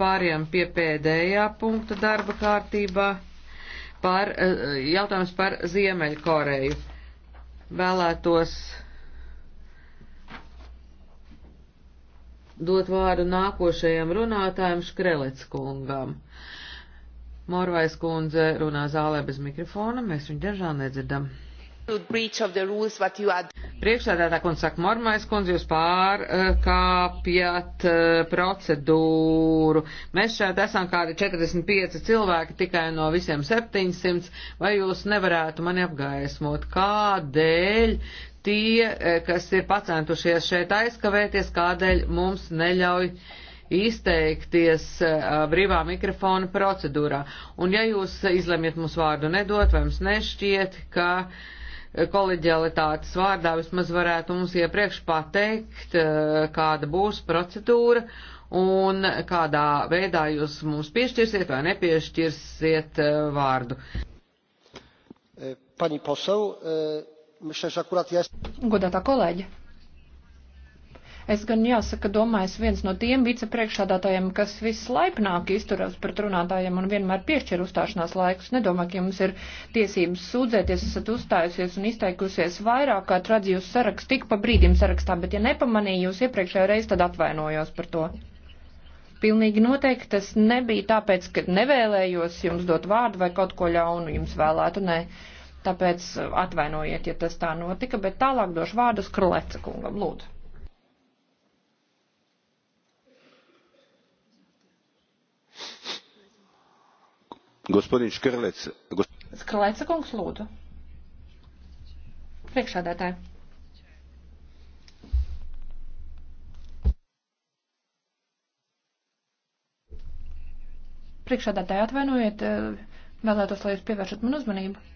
pāriem pie pēdējā punkta darba kārtībā par eh, jautājums par Ziemeļkoreju. Vēlētos dot vārdu nākošajam runātājam Škrelec kungam. Morvais kundze runā zālē bez mikrofona, mēs viņu diemžēl nedzirdam. Priekšsēdētā kundze saka, Mormais kundze, jūs pārkāpjat eh, procedūru. Mēs šeit esam kādi 45 cilvēki tikai no visiem 700, vai jūs nevarētu mani apgaismot, kādēļ tie, eh, kas ir pacentušies šeit aizkavēties, kādēļ mums neļauj izteikties uh, brīvā mikrofona procedūrā. Un ja jūs izlemjat mums vārdu nedot, vai jums nešķiet, ka uh, koleģialitātes vārdā vismaz varētu mums iepriekš pateikt, eh, kāda būs procedūra un kādā veidā jūs mums piešķirsiet vai nepiešķirsiet eh, vārdu. Pani posel, eh, myślę, że akurat jest. Godātā kolēģe. Es gan jāsaka, domāju, es viens no tiem vicepriekšādātājiem, kas vislaipnāk izturās pret runātājiem un vienmēr piešķir uzstāšanās laikus. Nedomāju, ka jums ir tiesības sūdzēties, esat uzstājusies un izteikusies vairāk, kā redzēju sarakstu, tik pa brīdim sarakstā, bet ja nepamanīju jūs iepriekšējo reizi, tad atvainojos par to. Pilnīgi noteikti tas nebija tāpēc, ka nevēlējos jums dot vārdu vai kaut ko ļaunu jums vēlētu, nē. Tāpēc atvainojiet, ja tas tā notika, bet tālāk došu vārdu Skrleca kungam, lūdzu. Gospodin Škrlec. Gos... Skrleca kungs, lūdzu. Priekšādātāji. Priekšādātāji atvainojiet, eh, vēlētos, lai jūs pievēršat man uzmanību.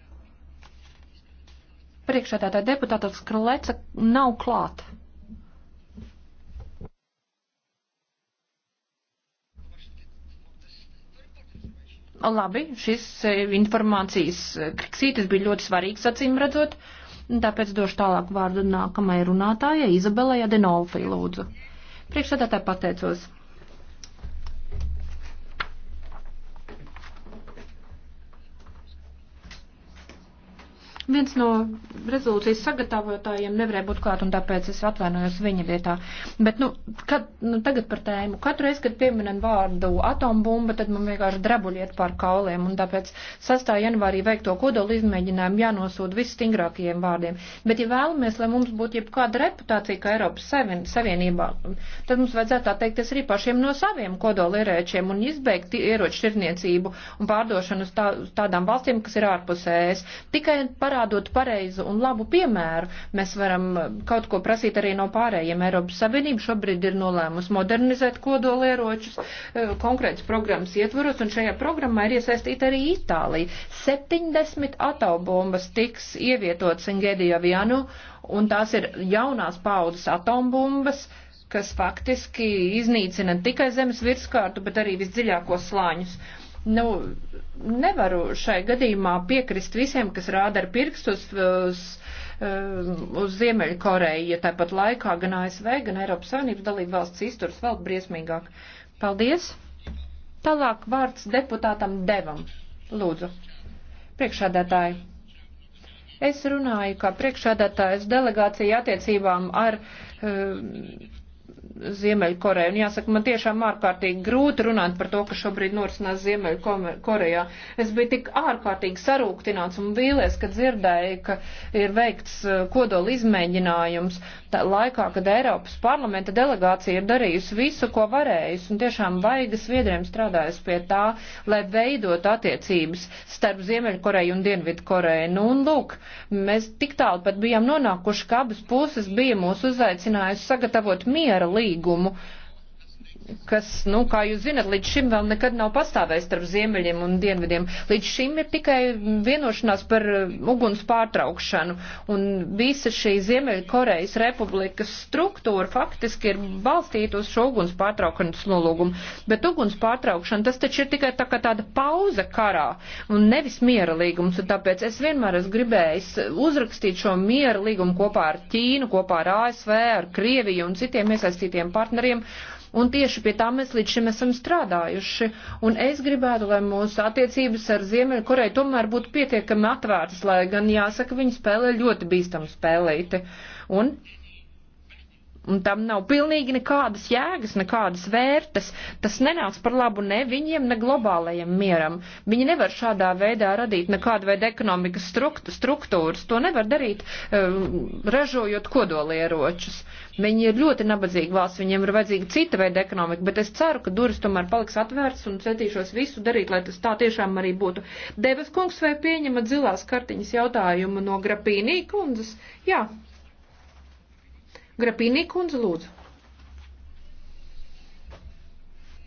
Priekšādātāji deputātas Skrleca nav klāta. Labi, šis e, informācijas kriksītis bija ļoti svarīgs, acīm redzot, tāpēc došu tālāk vārdu nākamajai runātājai Izabelai Adenolfi, lūdzu. Priekšsēdētāji pateicos. Viens no rezolūcijas sagatavotājiem nevarēja būt klāt, un tāpēc es atvainojos viņa vietā. Bet, nu, kad, nu tagad par tēmu. Katru reizi, kad pieminam vārdu atombumba, tad man vienkārši drebuļiet pār kauliem, un tāpēc 6. janvārī veikto kodolu izmēģinājumu jānosūda visstingrākajiem vārdiem. Bet, ja vēlamies, lai mums būtu jebkāda reputācija kā Eiropas Savienībā, tad mums vajadzētu atteikties arī pašiem no saviem kodolu ierēčiem un izbeigt ieroču tirniecību un pārdošanu uz tā, tādām valstīm, kas ir ārpus ES. Tikai par parādot pareizu un labu piemēru, mēs varam eh, kaut ko prasīt arī no pārējiem. Eiropas Savienība šobrīd ir nolēmusi modernizēt kodolieročus eh, konkrētas programmas ietvaros, un šajā programmā ir iesaistīta arī Itālija. 70 atobombas tiks ievietotas Ingēdijā Vianu, un tās ir jaunās paudzes atombumbas kas faktiski iznīcina ne tikai zemes virskārtu, bet arī visdziļākos slāņus. Uh, Nu, nevaru šai gadījumā piekrist visiem, kas rāda ar pirkstus uz, uz, um, uz Ziemeļkoreju, ja tāpat laikā gan ASV, gan Eiropas Savienības dalība valsts izturs vēl briesmīgāk. Paldies! Tālāk vārds deputātam Devam. Lūdzu. Priekšādātāji. Es runāju kā priekšādātājs delegācija attiecībām ar. Uh, Ziemeļkoreju. Un jāsaka, man tiešām ārkārtīgi grūti runāt par to, kas šobrīd norisinās Ziemeļkorejā. Es biju tik ārkārtīgi sarūktināts un vīlies, kad dzirdēju, ka ir veikts eh, kodola izmēģinājums tā laikā, kad Eiropas parlamenta delegācija ir darījusi visu, ko varējusi. Un tiešām vaiga sviedriem strādājas pie tā, lai veidot attiecības starp Ziemeļkoreju un Dienvidkoreju. Nu, un lūk, mēs tik tālu pat bijām nonākuši, ka abas puses bija mūs uzaicinājusi sagatavot miera līgumu līgumu kas, nu, kā jūs zinat, līdz šim vēl nekad nav pastāvējis starp ziemeļiem un dienvidiem. Līdz šim ir tikai vienošanās par uh, uguns pārtraukšanu, un visa šī Ziemeļkorejas republikas struktūra faktiski ir balstīta uz šo uguns pārtraukšanas nolūgumu. Bet uguns pārtraukšana tas taču ir tikai tā kā tāda pauze karā, un nevis miera līgums, un tāpēc es vienmēr esmu gribējis uzrakstīt šo miera līgumu kopā ar Ķīnu, kopā ar ASV, ar Krieviju un citiem iesaistītiem partneriem. Un tieši pie tā mēs līdz šim esam strādājuši. Un es gribētu, lai mūsu attiecības ar Ziemeļkoreju tomēr būtu pietiekami atvērtas, lai gan jāsaka, viņi spēlē ļoti bīstamu spēlīti. Un un tam nav pilnīgi nekādas jēgas, nekādas vērtes. Tas nenāks par labu ne viņiem, ne globālajiem mieram. Viņi nevar šādā veidā radīt nekādu veidu ekonomikas struktūras. To nevar darīt, eh, ražojot kodolieročus. Viņi ir ļoti nabadzīgi valsts, viņiem ir vajadzīga cita veida ekonomika, bet es ceru, ka durvis tomēr paliks atvērts un centīšos visu darīt, lai tas tā tiešām arī būtu. Devas kungs vai pieņemat zilās kartiņas jautājumu no Grapīnī kundzes? Jā. Grapīnī kundze, lūdzu.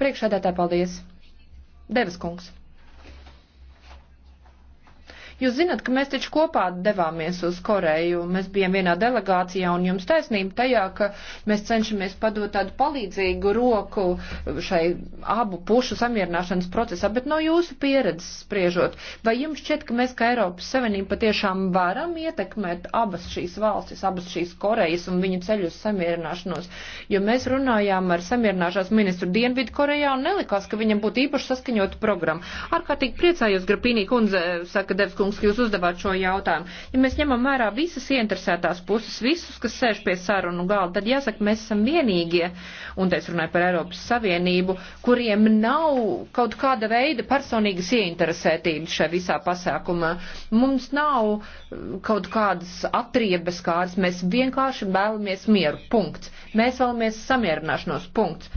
Priekšādātā paldies. Devas kungs. Jūs zināt, ka mēs taču kopā devāmies uz Koreju, mēs bijām vienā delegācijā, un jums taisnība tajā, ka mēs cenšamies padot tādu palīdzīgu roku šai abu pušu samierināšanas procesā, bet no jūsu pieredzes spriežot, vai jums šķiet, ka mēs kā Eiropas Savienība patiešām varam ietekmēt abas šīs valstis, abas šīs Korejas un viņu ceļu uz samierināšanos, jo mēs runājām ar samierināšanās ministru Dienvidu Korejā un nelikās, ka viņam būtu īpaši saskaņota programma. Ārkārtīgi priecājos, Grapīnī kundze, saka Devs kundze kungs, ka jūs uzdevāt šo jautājumu. Ja mēs ņemam vērā visas ieinteresētās puses, visus, kas sēž pie sarunu galda, tad jāsaka, mēs esam vienīgie, un es runāju par Eiropas Savienību, kuriem nav kaut kāda veida personīgas ieinteresētības šajā visā pasākumā. Mums nav uh, kaut kādas atriebes kādas, mēs vienkārši vēlamies mieru, punkts. Mēs vēlamies samierināšanos, punkts.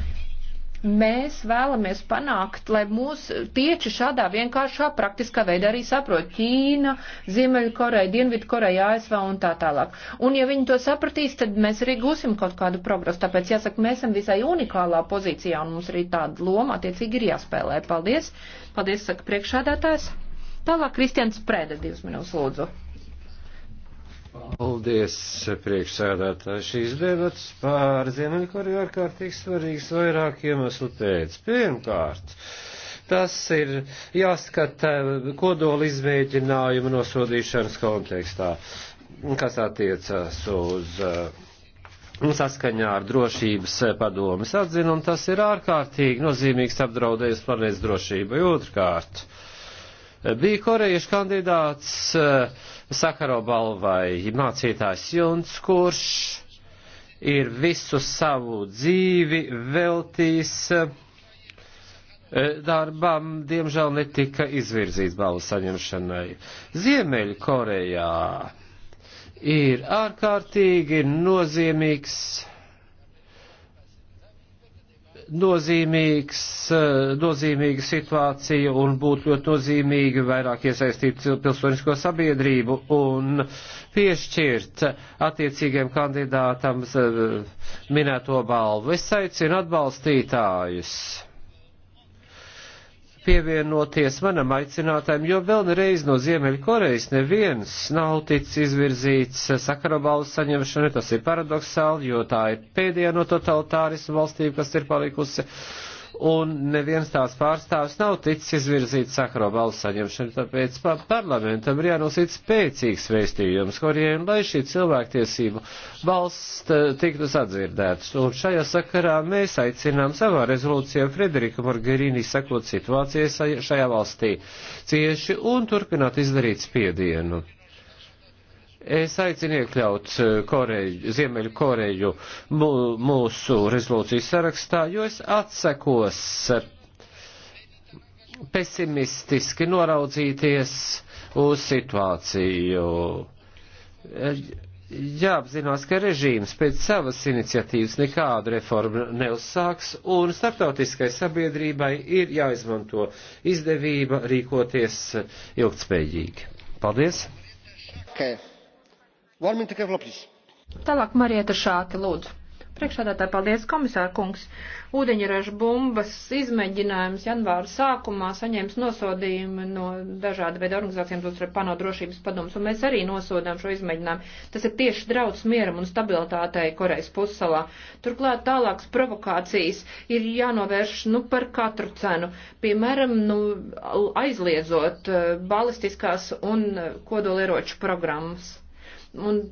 Mēs vēlamies panākt, lai mūs tieši šādā vienkāršā praktiskā veidā arī saprot Ķīna, Ziemeļkoreja, Dienvidkoreja, ASV un tā tālāk. Un ja viņi to sapratīs, tad mēs arī gūsim kaut kādu progresu. Tāpēc jāsaka, mēs esam visai unikālā pozīcijā un mums arī tāda loma attiecīgi ir jāspēlē. Paldies. Paldies, saka priekšādātājs. Tālāk Kristians Prēda, divas minūtes lūdzu. Paldies, priekšsēdētāji. Šīs debats pār Ziemeļkoreju ārkārtīgi svarīgs vairāk iemeslu pēc. Pirmkārt, tas ir jāskata kodola izmēģinājuma nosodīšanas kontekstā, kas attiecas uz uh, saskaņā ar drošības padomas atzinumu. Tas ir ārkārtīgi nozīmīgs apdraudējums planētas drošībai. Otrkārt, uh, bija korejiešu kandidāts eh, Sakaro balvai mācītājs Junts, kurš ir visu savu dzīvi veltījis eh, darbam, diemžēl netika izvirzīts balvu saņemšanai. Ziemeļu Korejā ir ārkārtīgi nozīmīgs nozīmīgs, eh, nozīmīga situācija un būtu ļoti nozīmīgi vairāk iesaistīt pilsonisko sabiedrību un piešķirt attiecīgiem kandidātam eh, minēto balvu. Es aicinu atbalstītājus pievienoties manam aicinātājiem, jo vēlreiz no Ziemeļkorejas neviens nav ticis izvirzīts sakarabalu saņemšanu. Tas ir paradoxāli, jo tā ir pēdējā no totalitārismu valstīm, kas ir palikusi. Uh, un neviens tās pārstāvs nav ticis izvirzīts Sakro balsu saņemšanu, tāpēc pa parlamentam ir jānosīt spēcīgs vēstījums Korejai, un lai šī cilvēktiesību valsts eh, tiktu sadzirdētas. Un šajā sakarā mēs aicinām savā rezolūcijā Frederiku Margarīni sakot situācijai šajā valstī cieši un turpināt izdarīt spiedienu. Es aicinu iekļaut eh, Koreju, Ziemeļu Koreju mūsu rezolūcijas sarakstā, jo es atsekos pesimistiski noraudzīties uz situāciju. Jāapzinās, ka režīms pēc savas iniciatīvas nekādu reformu neuzsāks, un starptautiskai sabiedrībai ir jāizmanto izdevība rīkoties ilgtspējīgi. Paldies! Okay. Tālāk Marieta Šāke, lūdzu. Priekšādātāji, paldies, komisāra kungs. Ūdeņraža bumbas izmēģinājums janvāra sākumā saņēmis nosodījumu no dažāda veida organizācijām, tostarp ANO drošības padomus, un mēs arī nosodām šo izmēģinājumu. Tas ir tieši draudz mieram un stabilitātei Korejas pussalā. Turklāt tālākas provokācijas ir jānovērš, nu, par katru cenu. Piemēram, nu, aizliedzot eh, balistiskās un eh, kodolieroču programmas un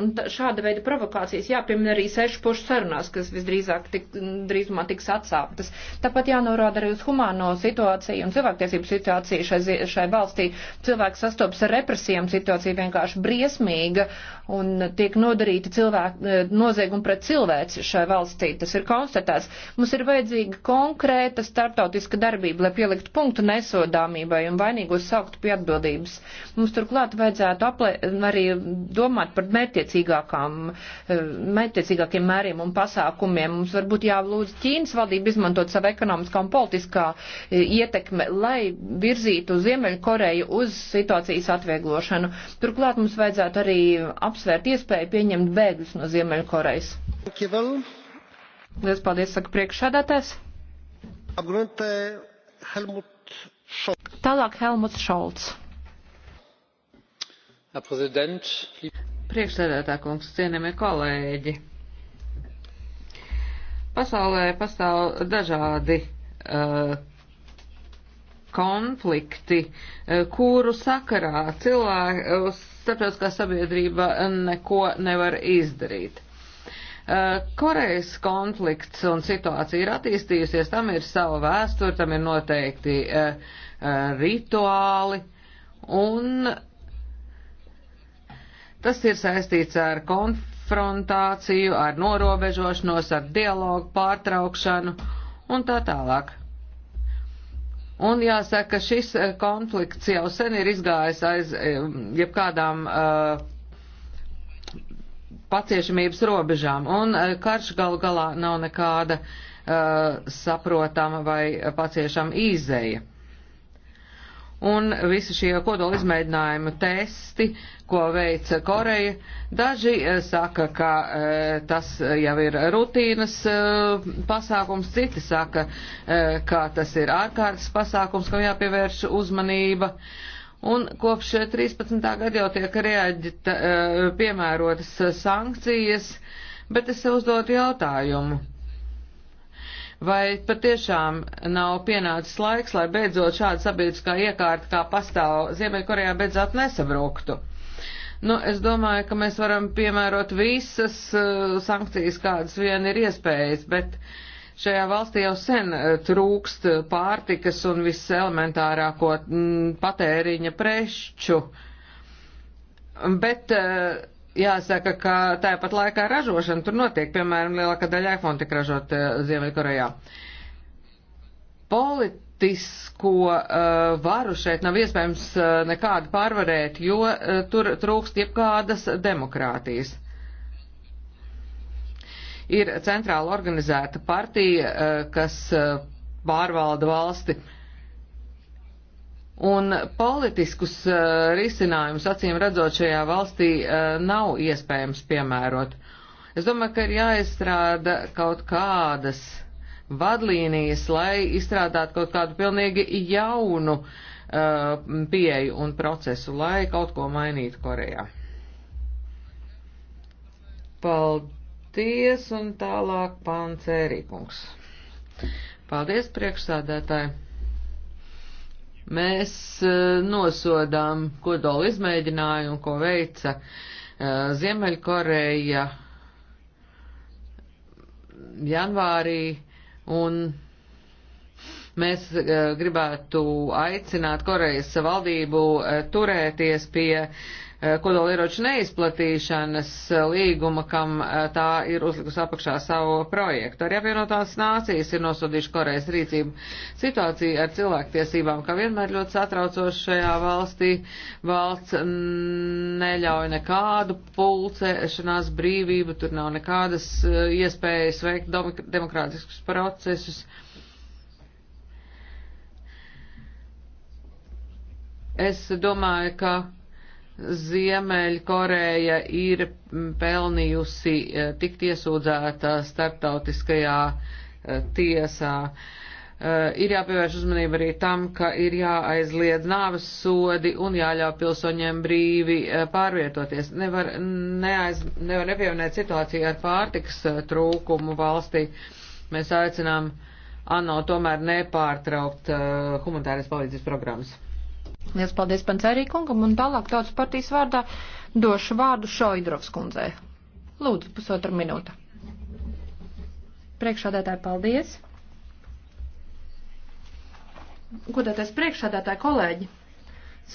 Un tā, šāda veida provokācijas jāpiemina arī sešpušu sarunās, kas visdrīzāk tik, drīzumā tiks atsāptas. Tāpat jānorāda arī uz humāno situāciju un cilvēktiesību situāciju šai, šai valstī. Cilvēki sastopas ar represijām, situācija vienkārši briesmīga un tiek nodarīta cilvēku e, nozieguma pret cilvēci šai valstī. Tas ir konstatēts. Mums ir vajadzīga konkrēta starptautiska darbība, lai pieliktu punktu nesodāmībai un vainīgos sauktu pie atbildības. Mums turklāt vajadzētu aplē, arī domāt par mērķiecību mērķtiecīgākām, eh, mērķtiecīgākiem mēriem un pasākumiem. Mums varbūt jālūdz Ķīnas valdību izmantot savu ekonomiskā un politiskā eh, ietekme, lai virzītu Ziemeļkoreju uz situācijas atvieglošanu. Turklāt mums vajadzētu arī apsvērt iespēju pieņemt bēgļus no Ziemeļkorejas. Liels paldies, saka priekšsādātājs. Helmut Tālāk Helmuts Šolts herr präsident! Priekšsēdētā kungs, cienījamie kolēģi. Pasaulē pastāv dažādi uh, konflikti, uh, kuru sakarā cilvēku uh, starptautiskā sabiedrība neko nevar izdarīt. Uh, Korejas konflikts un situācija ir attīstījusies, tam ir sava vēsture, tam ir noteikti uh, rituāli, un Tas ir saistīts ar konfrontāciju, ar norobežošanos, ar dialogu pārtraukšanu un tā tālāk. Un jāsaka, šis eh, konflikts jau sen ir izgājis aiz eh, jebkādām uh, paciešamības robežām, un karš galu galā nav nekāda uh, saprotama vai paciešama izēja un visi šie kodola izmēģinājuma testi, ko veica Koreja. Daži eh, saka, ka eh, tas jau ir rutīnas eh, pasākums, citi saka, ka tas ir ārkārtas pasākums, kam jāpievērš uzmanība. Un kopš 13. gada jau tiek reaģita, piemērotas sankcijas, bet es sev uzdotu jautājumu Vai patiešām nav pienācis laiks, lai beidzot šāda sabiedriskā iekārta, kā pastāv Ziemeļkorejā, beidzot nesabruktu? Nu, es domāju, ka mēs varam piemērot visas uh, sankcijas, kādas vien ir iespējas, bet šajā valstī jau sen uh, trūkst pārtikas un viss elementārāko m, mm, patēriņa preču. Bet uh, jāsaka, ka tāpat laikā ražošana tur notiek, piemēram, lielākā daļa iPhone tika ražot eh, Ziemeļkorejā. Politisko uh, varu šeit nav iespējams uh, nekādu pārvarēt, jo uh, tur trūkst jebkādas demokrātijas. Ir centrāla organizēta partija, uh, kas uh, pārvalda valsti. Uh, Un politiskus uh, risinājumus, acīm redzot, šajā valstī uh, nav iespējams piemērot. Es domāju, ka ir jāizstrāda kaut kādas vadlīnijas, lai izstrādātu kaut kādu pilnīgi jaunu uh, pieeju un procesu, lai kaut ko mainītu Korejā. Paldies un tālāk pāns Ērikungs. Paldies priekšsādētāji. Mēs eh, nosodām kodolu izmēģinājumu, ko veica eh, Ziemeļkoreja janvārī, un mēs eh, gribētu aicināt Korejas valdību turēties pie kodolieroču neizplatīšanas līguma, kam eh, tā ir uzlikusi apakšā savu projektu. Arī apvienotās nācijas ir nosodījuši Korejas rīcību. Situācija ar cilvēktiesībām, kā vienmēr ļoti satraucoša šajā valstī, valsts neļauj nekādu pulcēšanās brīvību, tur nav nekādas eh, iespējas veikt demokrātiskus procesus. Es domāju, ka Ziemeļkoreja ir pelnījusi eh, tikt iesūdzēta starptautiskajā eh, tiesā. Eh, ir jāpievērš uzmanība arī tam, ka ir jāaizliedz nāves sodi un jāļauj pilsoņiem brīvi pārvietoties. Nevar, neaiz, nevar nepieminēt situāciju ar pārtiks trūkumu valstī. Mēs aicinām ANO tomēr nepārtraukt humanitāras palīdzības programmas. Liels paldies Pancerī kungam un tālāk tautas partijas vārdā došu vārdu Šoidrovs kundzei. Lūdzu, pusotra minūte. Priekšādētāji, paldies. Godātais priekšādētāji, kolēģi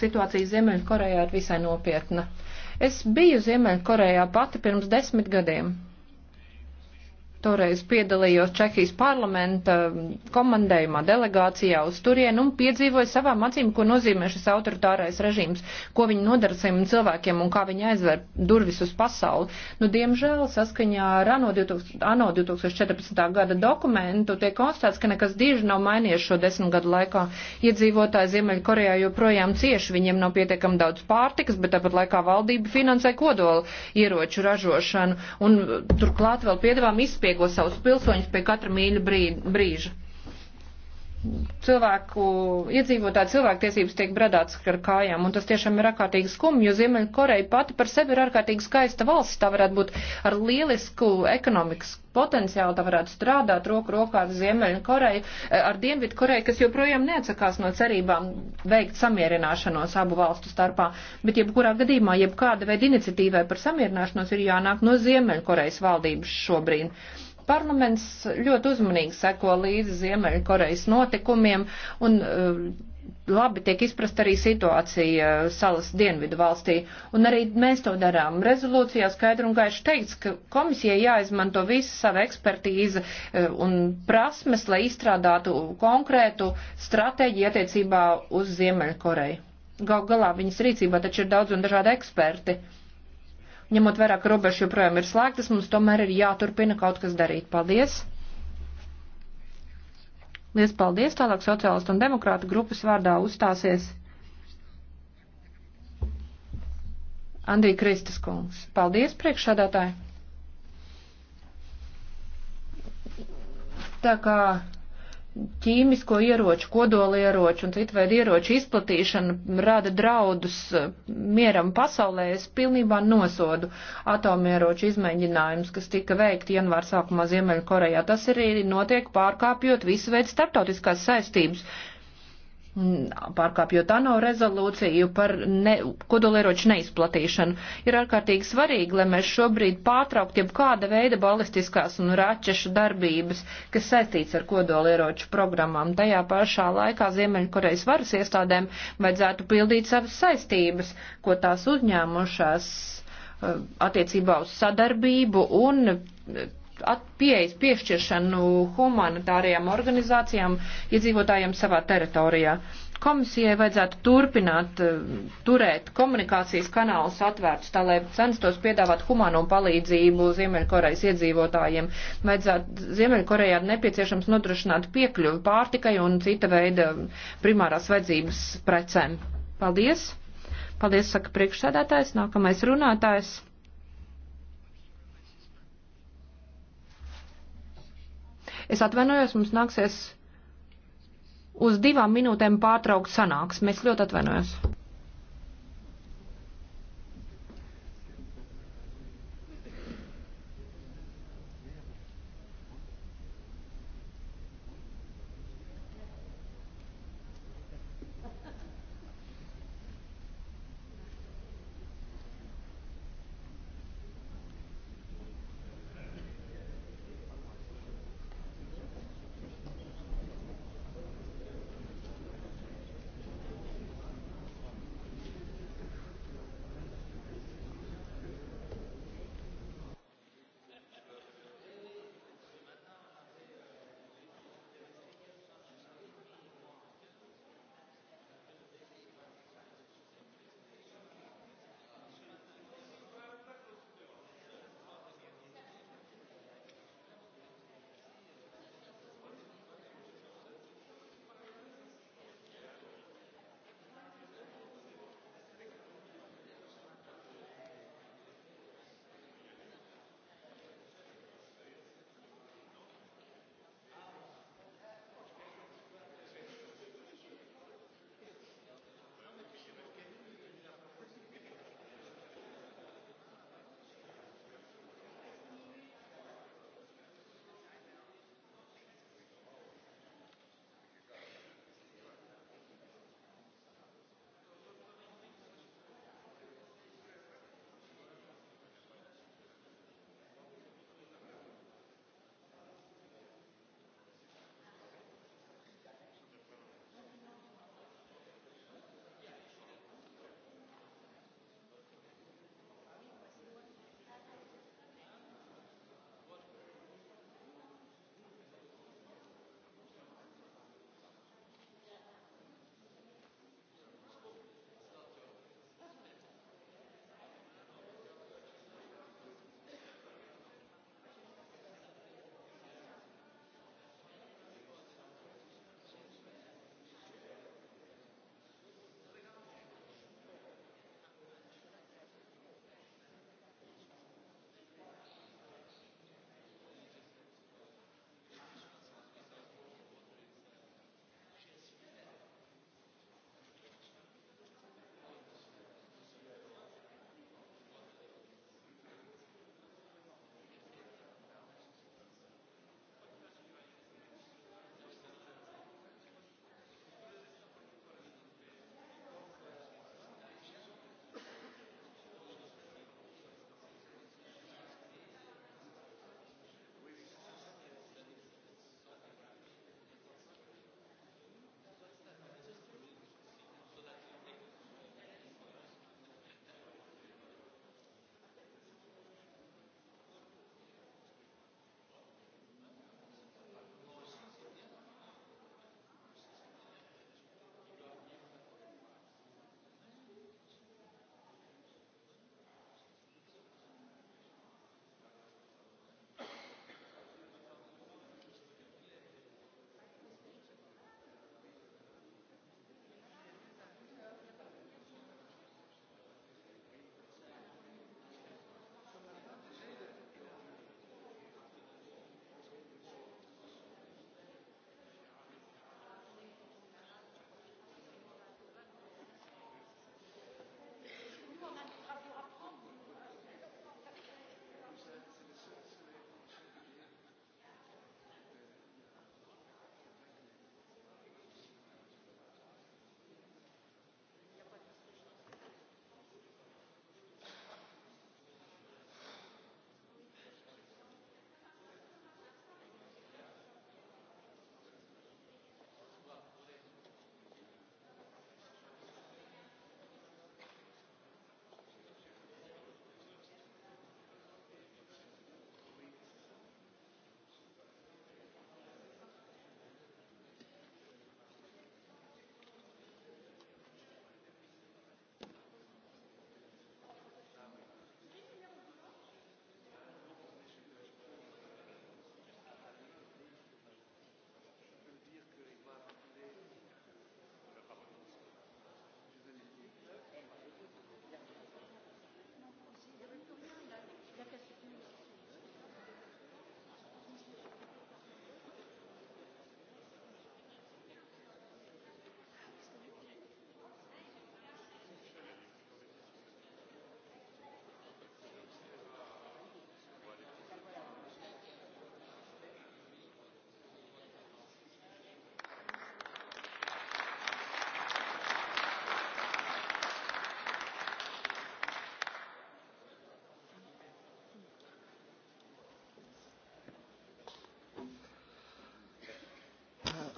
situācija Ziemeļkorejā ir visai nopietna. Es biju Ziemeļkorejā pati pirms desmit gadiem. Toreiz piedalījos Čehijas parlamenta komandējumā, delegācijā uz turienu un piedzīvoju savām acīm, ko nozīmē šis autoritārais režīms, ko viņi nodara saviem cilvēkiem un kā viņi aizver durvis uz pasauli. Nu, diemžēl saskaņā ar ANO 2014. gada dokumentu tiek konstatēts, ka nekas diži nav mainījies šo desmit gadu laikā. Iedzīvotāji Ziemeļkorejā joprojām cieši, viņiem nav pietiekam daudz pārtikas, bet tāpat laikā valdība finansē kodola ieroču ražošanu un turklāt vēl piedāvām izspiegt pārsteigos savus pilsoņus pie katra mīļa brīža cilvēku, iedzīvotāju cilvēktiesības tiek bradāts ar kājām, un tas tiešām ir ārkārtīgi skumji, jo Ziemeļkoreja pati par sevi ir ārkārtīgi skaista valsts, tā varētu būt ar lielisku ekonomikas potenciāli, tā varētu strādāt roku rokā ar Ziemeļkoreju, eh, ar Dienvidkoreju, kas joprojām neatsakās no cerībām veikt samierināšanos abu valstu starpā, bet jebkurā gadījumā, jebkāda veida iniciatīvai par samierināšanos ir jānāk no Ziemeļkorejas valdības šobrīd. Parlaments ļoti uzmanīgi seko līdzi Ziemeļkorejas notikumiem un eh, labi tiek izprast arī situācija eh, salas dienvidu valstī. Un arī mēs to darām. Rezolūcijā skaidri un gaiši teikts, ka komisijai jāizmanto visa sava ekspertīze eh, un prasmes, lai izstrādātu konkrētu stratēģiju attiecībā uz Ziemeļkoreju. Gal galā viņas rīcībā taču ir daudz un dažādi eksperti. Uh, Ņemot vairāk robežu joprojām ir slēgtas, mums tomēr ir jāturpina kaut kas darīt. Paldies! Lies paldies! Tālāk sociālistu un demokrātu grupas vārdā uzstāsies Andrija Kristas kungs. Paldies, priekšsādātāji! Tā kā ķīmisko ieroču, kodolieroču un citveida ieroču izplatīšana rada draudus eh, mieram pasaulē, es pilnībā nosodu atomieroču izmēģinājumus, kas tika veikti janvāra sākumā Ziemeļkorejā. Tas arī notiek pārkāpjot visu veidu starptautiskās saistības, pārkāpjot ANO rezolūciju par ne, kodolieroču neizplatīšanu. Ir ārkārtīgi svarīgi, lai mēs šobrīd pārtraukt jau kāda veida balistiskās un raķešu darbības, kas saistīts ar kodolieroču programmām. Tajā pašā laikā Ziemeļkorejas varas iestādēm vajadzētu pildīt savas saistības, ko tās uzņēmušās uh, attiecībā uz sadarbību un uh, pieejas piešķiršanu humanitārajām organizācijām iedzīvotājiem savā teritorijā. Komisijai vajadzētu turpināt eh, turēt komunikācijas kanālus atvērtus, tā lai censtos piedāvāt humano palīdzību Ziemeļkorejas iedzīvotājiem. Vajadzētu Ziemeļkorejā nepieciešams nodrošināt piekļuvi pārtikai un cita veida primārās vajadzības precēm. Paldies! Paldies, saka priekšsēdētājs. Nākamais runātājs. Es atvainojos, mums nāksies uz divām minūtēm pārtraukt sanāks. Mēs ļoti atvainojos.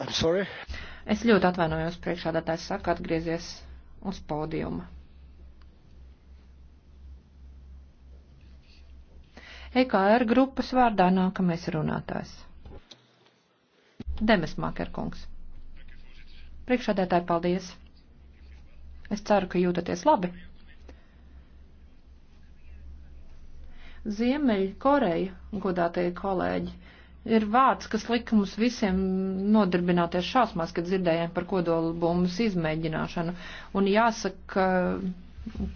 Es ļoti atvainojos priekšādātājs saka atgriezies uz pódiuma. EKR grupas vārdā nākamais runātājs. Demes Makerkungs. Priekšādētāji, paldies! Es ceru, ka jūtaties labi. Ziemeļ Koreja, godātie kolēģi, ir vārds, kas lika mums visiem nodarbināties šausmās, kad dzirdējām par kodolu bumbas izmēģināšanu. Un jāsaka,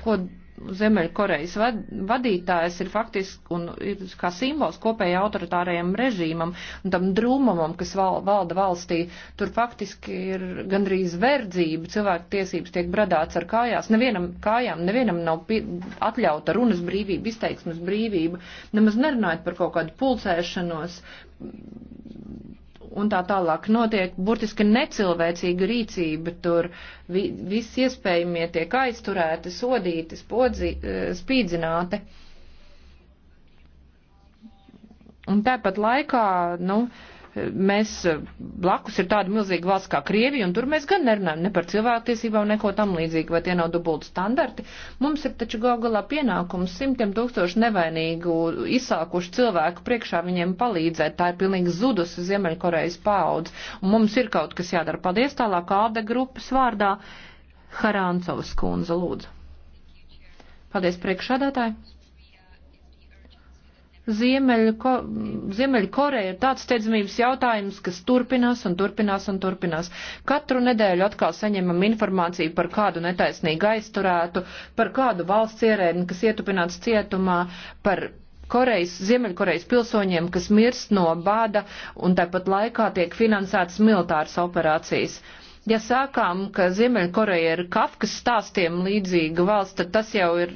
ko Ziemeļkorejas vad, vadītājs ir faktiski un ir kā simbols kopēja autoritārajam režīmam un tam drūmumam, kas val, valda valstī. Tur faktiski ir gandrīz verdzība, cilvēku tiesības tiek bradāts ar kājās. Nevienam kājām, nevienam nav pie, atļauta runas brīvība, izteiksmes brīvība. Nemaz nerunājot par kaut kādu pulcēšanos, un tā tālāk notiek burtiski necilvēcīga rīcība, tur vi, viss iespējamie tiek aizturēti, sodīti, spodzi, eh, spīdzināti. Un tāpat laikā, nu, uh, mēs eh, blakus ir tāda milzīga valsts kā Krievija, un tur mēs gan nerunājam ne par cilvēktiesībām, neko tam līdzīgu, vai tie nav dubulti standarti. Mums ir taču gal galā pienākums simtiem tūkstošu nevainīgu izsākušu cilvēku priekšā viņiem palīdzēt. Tā ir pilnīgi zudusi Ziemeļkorejas paudze, un mums ir kaut kas jādara. Paldies tālāk kāda grupas vārdā. Harāncovas kundze lūdzu. Paldies priekšādātāji. Ziemeļa, ko, Ziemeļa Koreja ir tāds steidzamības jautājums, kas turpinās un turpinās un turpinās. Katru nedēļu atkal saņemam informāciju par kādu netaisnīgu aizturētu, par kādu valsts ierēdni, kas ietupināts cietumā, par Korejas, Ziemeļkorejas pilsoņiem, kas mirst no bāda un tāpat laikā tiek finansētas militāras operācijas. Uh, Ja sākām, ka Ziemeļkoreja ir Kafkas stāstiem līdzīga valsts, tad tas jau ir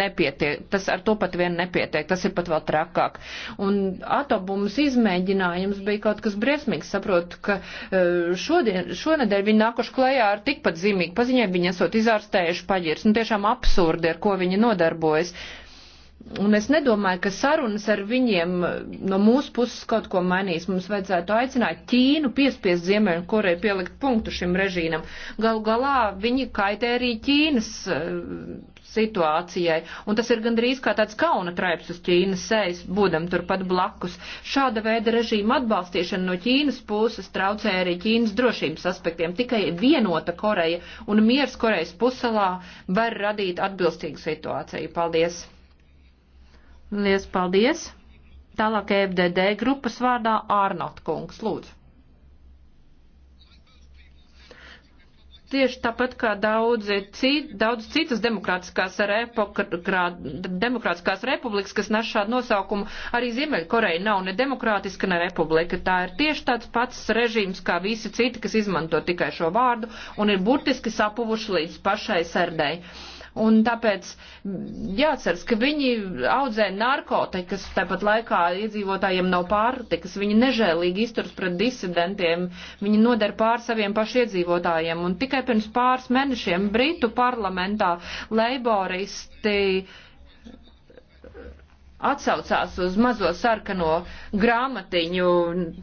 nepietiek, tas ar to pat vien nepietiek, tas ir pat vēl trakāk. Un atobumbas izmēģinājums bija kaut kas briesmīgs, saprotu, ka e, šodien, šonedēļ viņi nākuši klējā ar tikpat zīmīgu paziņai, viņi esot izārstējuši paģirs. Nu tiešām absurdi, ar ko viņi nodarbojas. Un es nedomāju, ka sarunas ar viņiem uh, no mūsu puses kaut ko mainīs. Mums vajadzētu aicināt Ķīnu piespiest Ziemeļu Koreju pielikt punktu šim režīmam. Galu galā viņi kaitē arī Ķīnas uh, situācijai. Un tas ir gandrīz kā tāds kauna traips uz Ķīnas sejas, būdam turpat blakus. Šāda veida režīma atbalstīšana no Ķīnas puses traucē arī Ķīnas drošības aspektiem. Tikai vienota Koreja un miers Korejas puselā var radīt atbilstīgu situāciju. Paldies! Lies paldies! Tālāk e FDD grupas vārdā Ārnot kungs, lūdzu. Tieši tāpat kā daudzi, cit, daudz citas demokrātiskās, repokrā, demokrātiskās republikas, kas nes šādu nosaukumu, arī Ziemeļkoreja nav ne demokrātiska, ne republika. Tā ir tieši tāds pats režīms kā visi citi, kas izmanto tikai šo vārdu un ir burtiski sapuvuši līdz pašai sardai. Uh, Un tāpēc jāatceras, ka viņi audzē narkotikas, tāpat laikā iedzīvotājiem nav pārtikas, viņi nežēlīgi izturs pret disidentiem, viņi noder pār saviem pašu iedzīvotājiem. Un tikai pirms pāris mēnešiem Britu parlamentā leiboristi atsaucās uz mazo sarkano grāmatiņu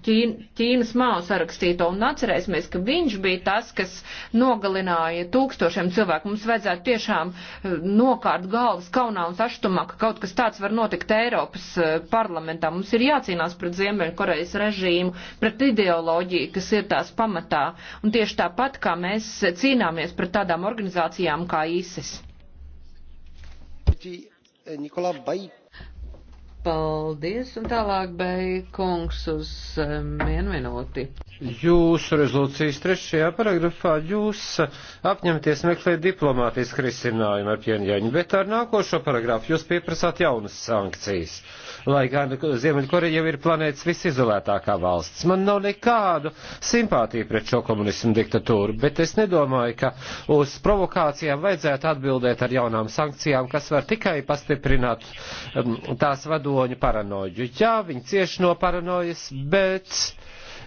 Ķīn, Ķīnas māvu sarakstīto un atcerēsimies, ka viņš bija tas, kas nogalināja tūkstošiem cilvēku. Mums vajadzētu tiešām eh, nokārt galvas kaunā un saštumā, ka kaut kas tāds var notikt Eiropas eh, parlamentā. Mums ir jācīnās pret Ziemeļkorejas režīmu, pret ideoloģiju, kas ir tās pamatā. Un tieši tāpat, kā mēs cīnāmies pret tādām organizācijām kā ISIS. Eh, Nikola Baita. Paldies, un tālāk beigungs uz um, vienu minūti. Jūsu rezolūcijas trešajā paragrafā jūs apņemties meklēt diplomātisku risinājumu ar Pienjaņu, bet ar nākošo paragrafu jūs pieprasāt jaunas sankcijas, lai gan Ziemeļkoreja jau ir planētas visizolētākā valsts. Man nav nekādu simpātiju pret šo komunismu diktatūru, bet es nedomāju, ka uz provokācijām vajadzētu atbildēt ar jaunām sankcijām, kas var tikai pastiprināt um, tās vadot pilsoņu paranoju. Jā, viņi cieši no paranojas, bet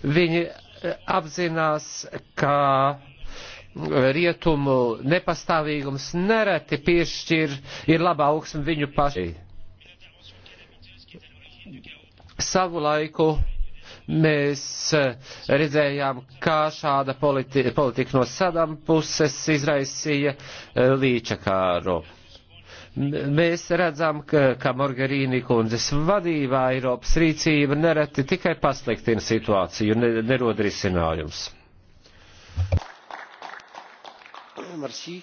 viņi e, apzinās, ka rietumu nepastāvīgums nereti piešķir, ir laba augsme viņu paši. Savu laiku mēs e, redzējām, kā šāda politi politika no sadam puses izraisīja e, līčakāru. Mēs redzam, ka, ka Morgarīni kundzes vadībā Eiropas rīcība nereti tikai pasliktina situāciju, ne, nerod risinājums. Merci.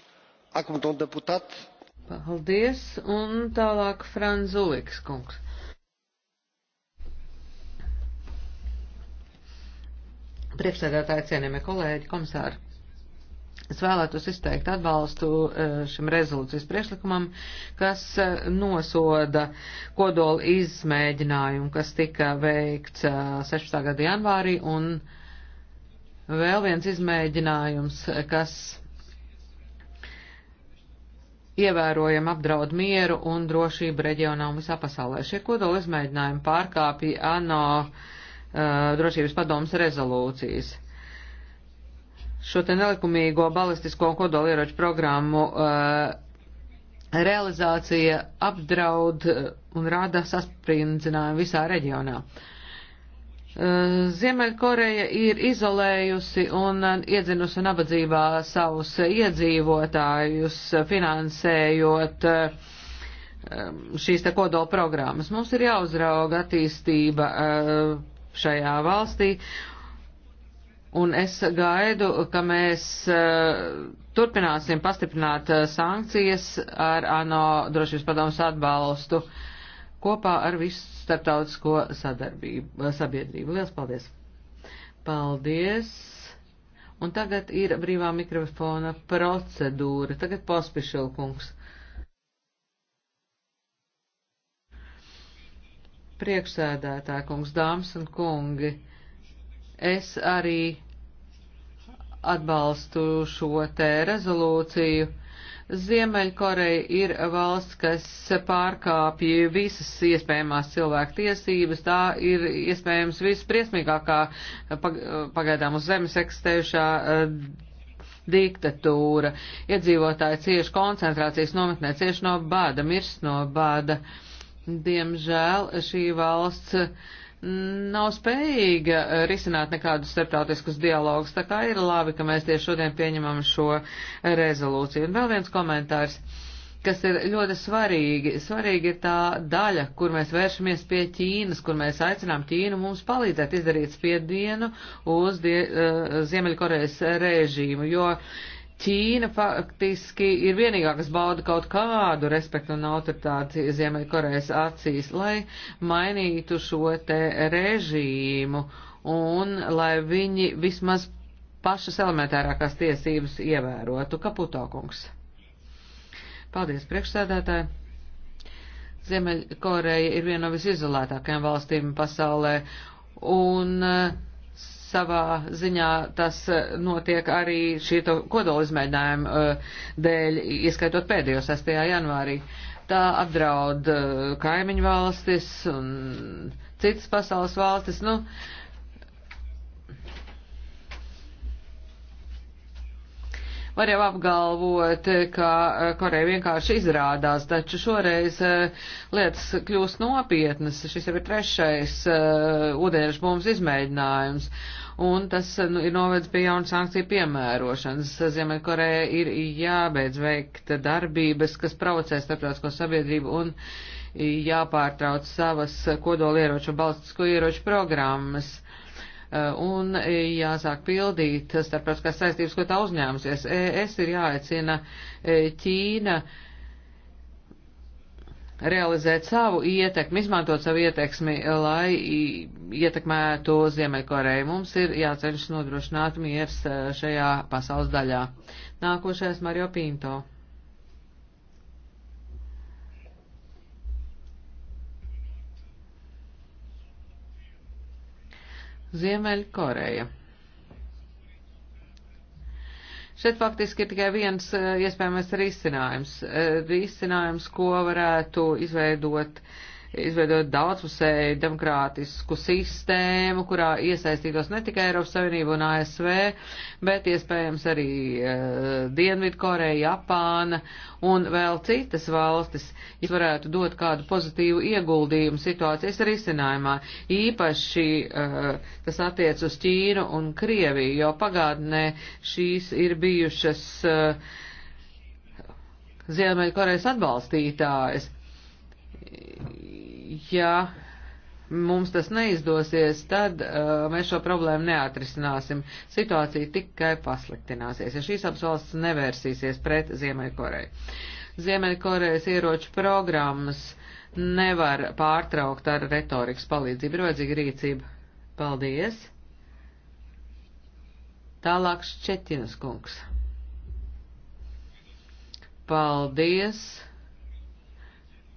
Acum, domn deputat, Paldies, un tālāk Franzuliks kungs. Priekšsēdētāji, cienījamie kolēģi, komisāri. Es vēlētos izteikt atbalstu e, šim rezolūcijas priekšlikumam, kas e, nosoda kodola izmēģinājumu, kas tika veikts 16. E, gada janvārī, un vēl viens izmēģinājums, kas ievērojami apdraud mieru un drošību reģionā un visā pasaulē. Šie kodola izmēģinājumi pārkāpja ANO uh, drošības padomas rezolūcijas. Uh, šo te nelikumīgo balistisko kodolieroču programmu uh, realizācija apdraud uh, un rada sasprindzinājumu visā reģionā. Uh, Ziemeļkoreja ir izolējusi un uh, iedzinusi nabadzībā savus iedzīvotājus, finansējot um, šīs te kodola programmas. Mums ir jāuzrauga attīstība šajā valstī Un es gaidu, ka mēs eh, turpināsim pastiprināt eh, sankcijas ar ANO drošības padomus atbalstu kopā ar visu starptautisko sadarbību, eh, sabiedrību. Lielas paldies! Paldies! Un tagad ir brīvā mikrofona procedūra. Tagad pospišilkungs. Priekšsēdētā kungs, dāmas un kungi. Es arī atbalstu šo te rezolūciju. Ziemeļkoreja ir valsts, kas pārkāpj visas iespējamās cilvēku tiesības. Tā ir iespējams vispriesmīgākā pagaidām uz zemes eksistējušā eh, diktatūra. Iedzīvotāji cieši koncentrācijas nometnē, cieši no bāda, mirst no bāda. Diemžēl šī valsts nav spējīga eh, risināt nekādus starptautiskus dialogus, tā kā ir labi, ka mēs tieši šodien pieņemam šo rezolūciju. Un vēl viens komentārs, kas ir ļoti svarīgi. Svarīgi ir tā daļa, kur mēs vēršamies pie Ķīnas, kur mēs aicinām Ķīnu mums palīdzēt izdarīt spiedienu uz die, uh, Ziemeļkorejas režīmu, jo uh, Ķīna faktiski ir vienīgā, kas bauda kaut kādu respektu un autoritāti Ziemeļkorejas acīs, lai mainītu šo te režīmu un lai viņi vismaz pašas elementārākās tiesības ievērotu. Kaputokungs. Paldies, priekšsēdētāji. Ziemeļkoreja ir viena no visizolētākajām valstīm pasaulē un uh, savā ziņā tas e, notiek arī šī kodola izmēģinājuma e, dēļ, ieskaitot pēdējo 6. janvārī. Tā apdraud e, kaimiņu valstis un citas pasaules valstis. Nu, uh, Var jau apgalvot, ka eh, Koreja vienkārši izrādās, taču šoreiz eh, lietas kļūst nopietnas. Šis jau ir trešais eh, ūdeņraža bumbas izmēģinājums. Un tas nu, ir novedis pie jaunu sankciju piemērošanas. Ziemeļkoreja ir jābeidz veikt darbības, kas provocē starptautisko sabiedrību un jāpārtrauc savas kodolieroču un balstisko ieroču programmas. Uh, Eh, un jāsāk pildīt starptautiskās saistības, ko tā uzņēmusies. Eh, es ir jāaicina eh, Ķīna realizēt savu ietekmi, izmantot savu ietekmi, lai ietekmētu Ziemeļkoreju. Mums ir jāceļas nodrošināt miers šajā pasaules daļā. Nākošais Mario Pinto. Ziemeļkoreja. Šeit faktiski ir tikai viens eh, iespējamais risinājums, eh, risinājums, ko varētu izveidot uh, izveidot daudzpusēju demokrātisku sistēmu, kurā iesaistītos ne tikai Eiropas Savienība un ASV, bet iespējams arī uh, Dienvidkoreja, Japāna un vēl citas valstis, ja varētu dot kādu pozitīvu ieguldījumu situācijas risinājumā. Īpaši uh, tas attiec uz Ķīnu un Krieviju, jo pagātnē šīs ir bijušas uh, Ziemeļkorejas atbalstītājas ja mums tas neizdosies, tad uh, mēs šo problēmu neatrisināsim. Situācija tikai pasliktināsies, ja šīs apsvalsts nevērsīsies pret Ziemeļkoreju. Ziemeļkorejas ieroču programmas nevar pārtraukt ar retorikas palīdzību, ir vajadzīga rīcība. Paldies! Tālāk Šķetinas kungs. Paldies!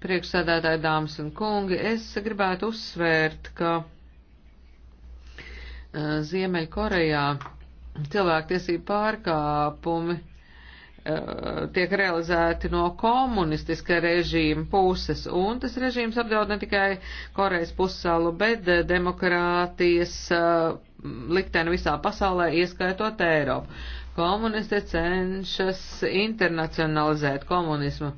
Priekšsēdētāji, dāmas un kungi, es gribētu uzsvērt, ka Ziemeļkorejā cilvēktiesību pārkāpumi tiek realizēti no komunistiska režīma puses, un tas režīms apdraud ne tikai Korejas pussalu, bet demokrātijas likteni visā pasaulē, ieskaitot Eiropu. Komunisti cenšas internacionalizēt komunismu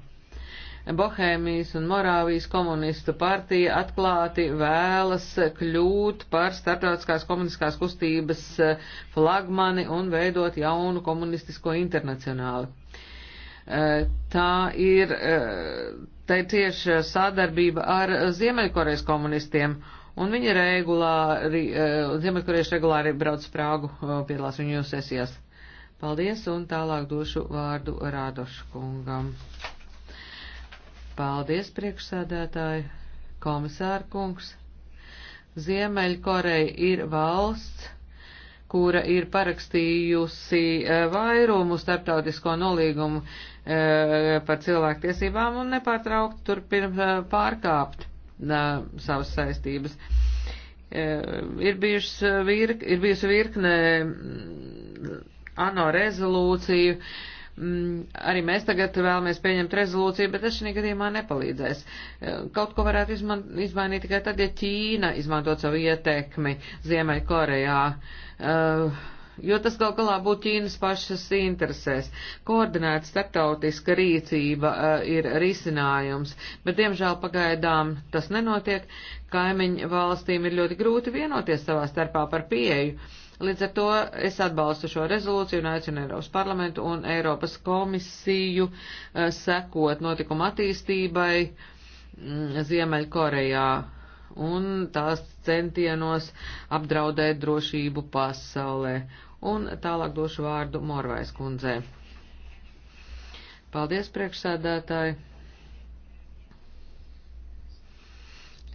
Bohēmijas un Morāvijas komunistu partija atklāti vēlas kļūt par starptautiskās komunistiskās kustības eh, flagmani un veidot jaunu komunistisko internacionāli. Eh, tā ir, eh, tā ir tieši sadarbība ar Ziemeļkorejas komunistiem un viņi regulāri, Ziemeļkorieši regulāri brauc sprāgu, piedalās viņu sesijās. Paldies, un tālāk došu vārdu Rādošu kungam. Paldies, priekšsēdētāji, komisārkungs. Ziemeļkoreja ir valsts, kura ir parakstījusi eh, vairumu starptautisko nolīgumu eh, par cilvēktiesībām un nepārtraukti turpina eh, pārkāpt savas saistības. Ir, virk, ir bijusi virkne mm, ANO rezolūciju, Mm, arī mēs tagad vēlamies pieņemt rezolūciju, bet tas šī gadījumā nepalīdzēs. Eh, kaut ko varētu izman, izmainīt tikai tad, ja Ķīna izmanto savu ietekmi Ziemeļkorejā. Uh, jo tas gal galā būtu Ķīnas pašas interesēs. Koordinēta starptautiska rīcība uh, ir risinājums, bet diemžēl pagaidām tas nenotiek. Kaimiņu valstīm ir ļoti grūti vienoties savā starpā par pieeju. Līdz ar to es atbalstu šo rezolūciju un aicinu Eiropas parlamentu un Eiropas komisiju uh, sekot notikuma attīstībai mm, Ziemeļkorejā un tās centienos apdraudēt drošību pasaulē. Un tālāk došu vārdu Morvais kundzē. Paldies, priekšsēdētāji.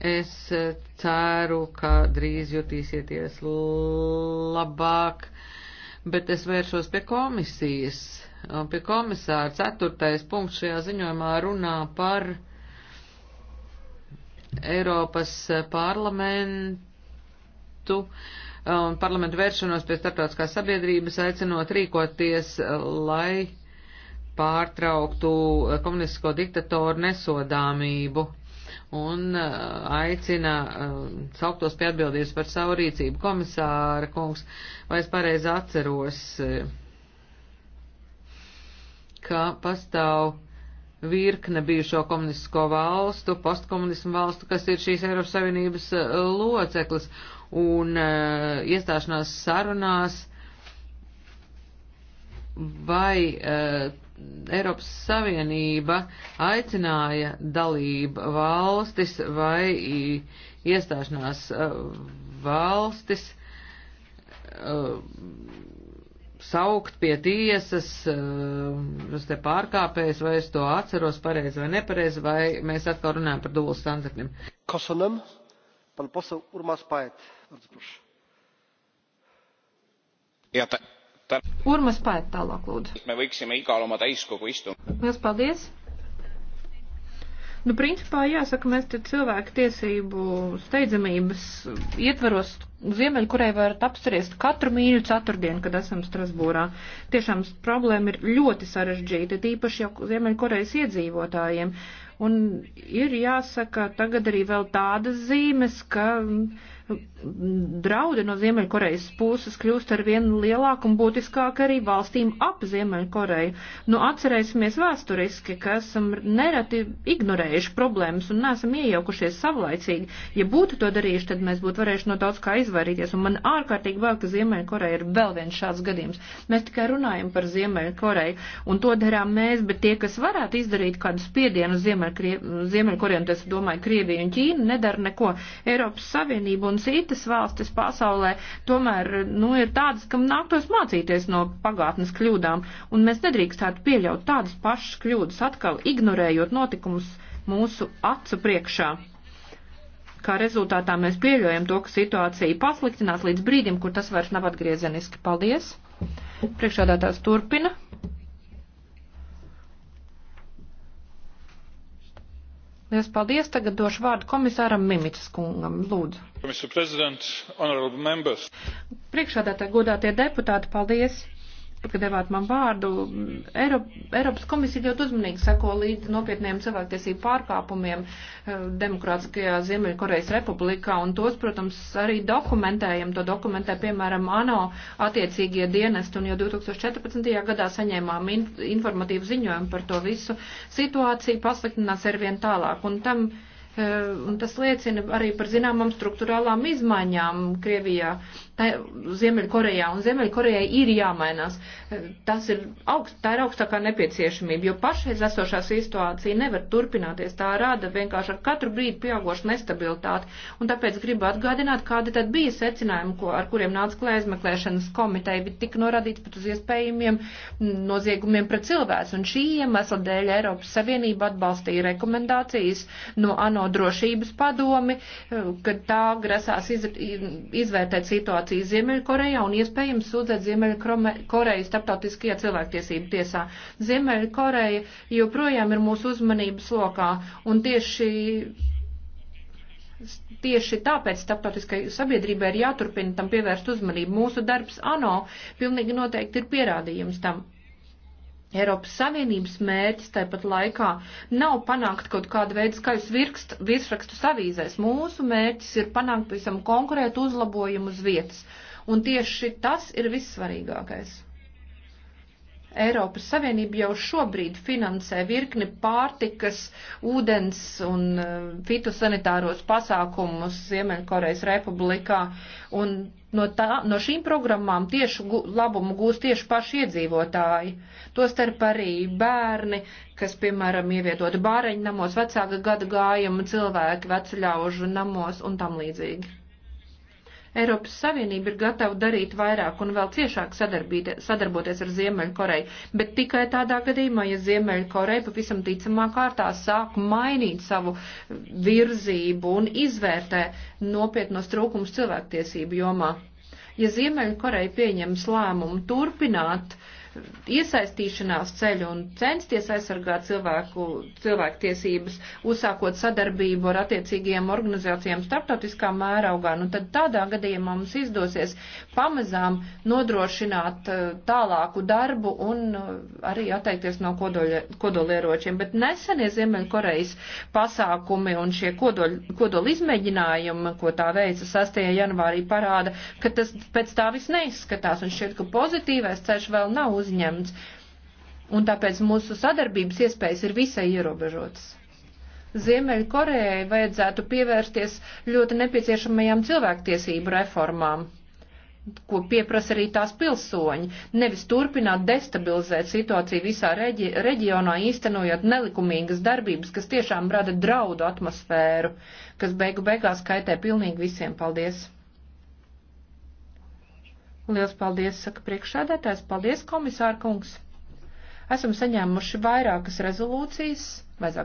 Es eh, ceru, ka drīz jutīsieties labāk, bet es vēršos pie komisijas, pie komisāra. Ceturtais punkts šajā ziņojumā runā par Eiropas eh, parlamentu. Uh, un um, parlamentu vēršanos pie starptautiskās sabiedrības, aicinot rīkoties, uh, lai pārtrauktu uh, komunistisko diktatoru nesodāmību un uh, aicina um, sauktos pie atbildības par savu rīcību. Komisāra kungs, vai es pareizi atceros, ka pastāv virkne bijušo komunistisko valstu, postkomunismu valstu, kas ir šīs Eiropas Savienības loceklis un uh, iestāšanās sarunās, vai uh, Eiropas Savienība aicināja dalību valstis vai eh, iestāšanās uh, valstis uh, saukt pie tiesas, es te pārkāpējis, vai es to atceros pareizi vai nepareizi, vai mēs atkal runājam par dubultstandartiem. Kosanam? urmas paet tālāk lūdzu. me võiksime igal oma täiskogu istungil. liels paldies. Nu, principā, jāsaka, mēs te cilvēku tiesību steidzamības ietvaros Ziemeļkurei varat apspriest katru mīļu ceturtdienu, kad esam Strasbūrā. Tiešām problēma ir ļoti sarežģīta, tīpaši jau Ziemeļkurejas iedzīvotājiem. Uh, Un ir jāsaka tagad arī vēl tādas zīmes, ka draudi no Ziemeļkorejas puses kļūst ar vien lielāku un būtiskāku arī valstīm ap Ziemeļkoreju. Nu, atcerēsimies vēsturiski, ka esam nereti ignorējuši problēmas un neesam iejaukušies savlaicīgi. Ja būtu to darījuši, tad mēs būtu varējuši no daudz kā izvairīties. Un man ārkārtīgi vēl, ka Ziemeļkoreja ir vēl viens šāds gadījums. Mēs tikai runājam par Ziemeļkoreju un to darām mēs, bet tie, kas varētu izdarīt kādu spiedienu Ziemeļkoreju, un tas domāju Krieviju un Ķīnu, nedara neko. Eiropas Savienība un un citas valstis pasaulē tomēr, nu, ir tādas, kam nāktos mācīties no pagātnes kļūdām, un mēs nedrīkstētu pieļaut tādas pašas kļūdas atkal, ignorējot notikumus mūsu acu priekšā. Kā rezultātā mēs pieļaujam to, ka situācija pasliktinās līdz brīdim, kur tas vairs nav atgriezeniski. Paldies! Priekšādātājs turpina. Lielas paldies. Tagad došu vārdu komisāram Mimicas kungam. Lūdzu. Priekšādātāji, godātie deputāti, paldies Tad, kad devāt man vārdu, Eiropa, Eiropas komisija ļoti uzmanīgi sako līdz nopietniem cilvēktiesību pārkāpumiem eh, Demokrātiskajā Ziemeļkorejas republikā, un tos, protams, arī dokumentējam. To dokumentē, piemēram, ANO attiecīgie dienesti, un jau 2014. gadā saņēmām in informatīvu ziņojumu par to visu. Situācija pasliktinās arvien tālāk, un tam. Eh, un tas liecina arī par zināmām struktūrālām izmaiņām Krievijā. Ziemeļkorejā, un Ziemeļkorejai ir jāmainās. Tas ir augst, tā ir augstākā nepieciešamība, jo pašreiz esošā situācija nevar turpināties. Tā rada vienkārši ar katru brīdi pieaugošu nestabilitāti, un tāpēc gribu atgādināt, kādi tad bija secinājumi, ko, ar kuriem nāca klēzmeklēšanas komiteja, bet tika norādīts pat uz iespējamiem noziegumiem pret cilvēks, un šī iemesla dēļ Eiropas Savienība atbalstīja rekomendācijas no ANO drošības padomi, kad tā grasās iz, izvērtēt situāciju situāciju Ziemeļkorejā un iespējams sūdzēt Ziemeļkoreju starptautiskajā cilvēktiesību tiesā. Ziemeļkoreja joprojām ir mūsu uzmanības lokā un tieši Tieši tāpēc starptautiskai sabiedrībai ir jāturpina tam pievērst uzmanību. Mūsu darbs ANO pilnīgi noteikti ir pierādījums tam. Eiropas Savienības mērķis tāpat laikā nav panākt kaut kādu veidu skaļus virsrakstus avīzēs. Mūsu mērķis ir panākt pavisam konkurētu uzlabojumu uz vietas. Un tieši tas ir vissvarīgākais. Eiropas Savienība jau šobrīd finansē virkni pārtikas, ūdens un uh, fitosanitāros pasākumus Ziemeļkorejas republikā, un no, tā, no šīm programmām tieši labumu gūs tieši paši iedzīvotāji. Tostarp arī bērni, kas, piemēram, ievietoti bāreņu namos, vecāka gada gājuma cilvēki, veceļaužu namos un tam līdzīgi. Eiropas Savienība ir gatava darīt vairāk un vēl ciešāk sadarboties ar Ziemeļkoreju, bet tikai tādā gadījumā, ja Ziemeļkoreja pavisam ticamā kārtā sāk mainīt savu virzību un izvērtē nopietnos trūkums cilvēktiesību jomā. Ja Ziemeļkoreja pieņems lēmumu turpināt uh, iesaistīšanās ceļu un censties aizsargāt cilvēku, cilvēku tiesības, uzsākot sadarbību ar attiecīgajiem organizācijām starptautiskā mēraugā, nu tad tādā gadījumā mums izdosies pamazām nodrošināt eh, tālāku darbu un eh, arī atteikties no kodoļa, kodolieročiem. Bet nesenie Ziemeļkorejas pasākumi un šie kodoļ, kodoļ izmēģinājumi, ko tā veica 6. janvārī, parāda, ka tas pēc tā viss neizskatās un šķiet, ka pozitīvais ceļš vēl nav uzņemts. Un tāpēc mūsu sadarbības iespējas ir visai ierobežotas. Ziemeļkorejai vajadzētu pievērsties ļoti nepieciešamajām cilvēktiesību reformām, ko pieprasa arī tās pilsoņi, nevis turpināt destabilizēt situāciju visā reģi reģionā, īstenojot nelikumīgas darbības, kas tiešām rada draudu atmosfēru, kas beigu beigās kaitē pilnīgi visiem. Paldies! Liels paldies, saka priekšsēdētājs. Paldies, komisāra kungs. Esam saņēmuši vairākas rezolūcijas, vairāk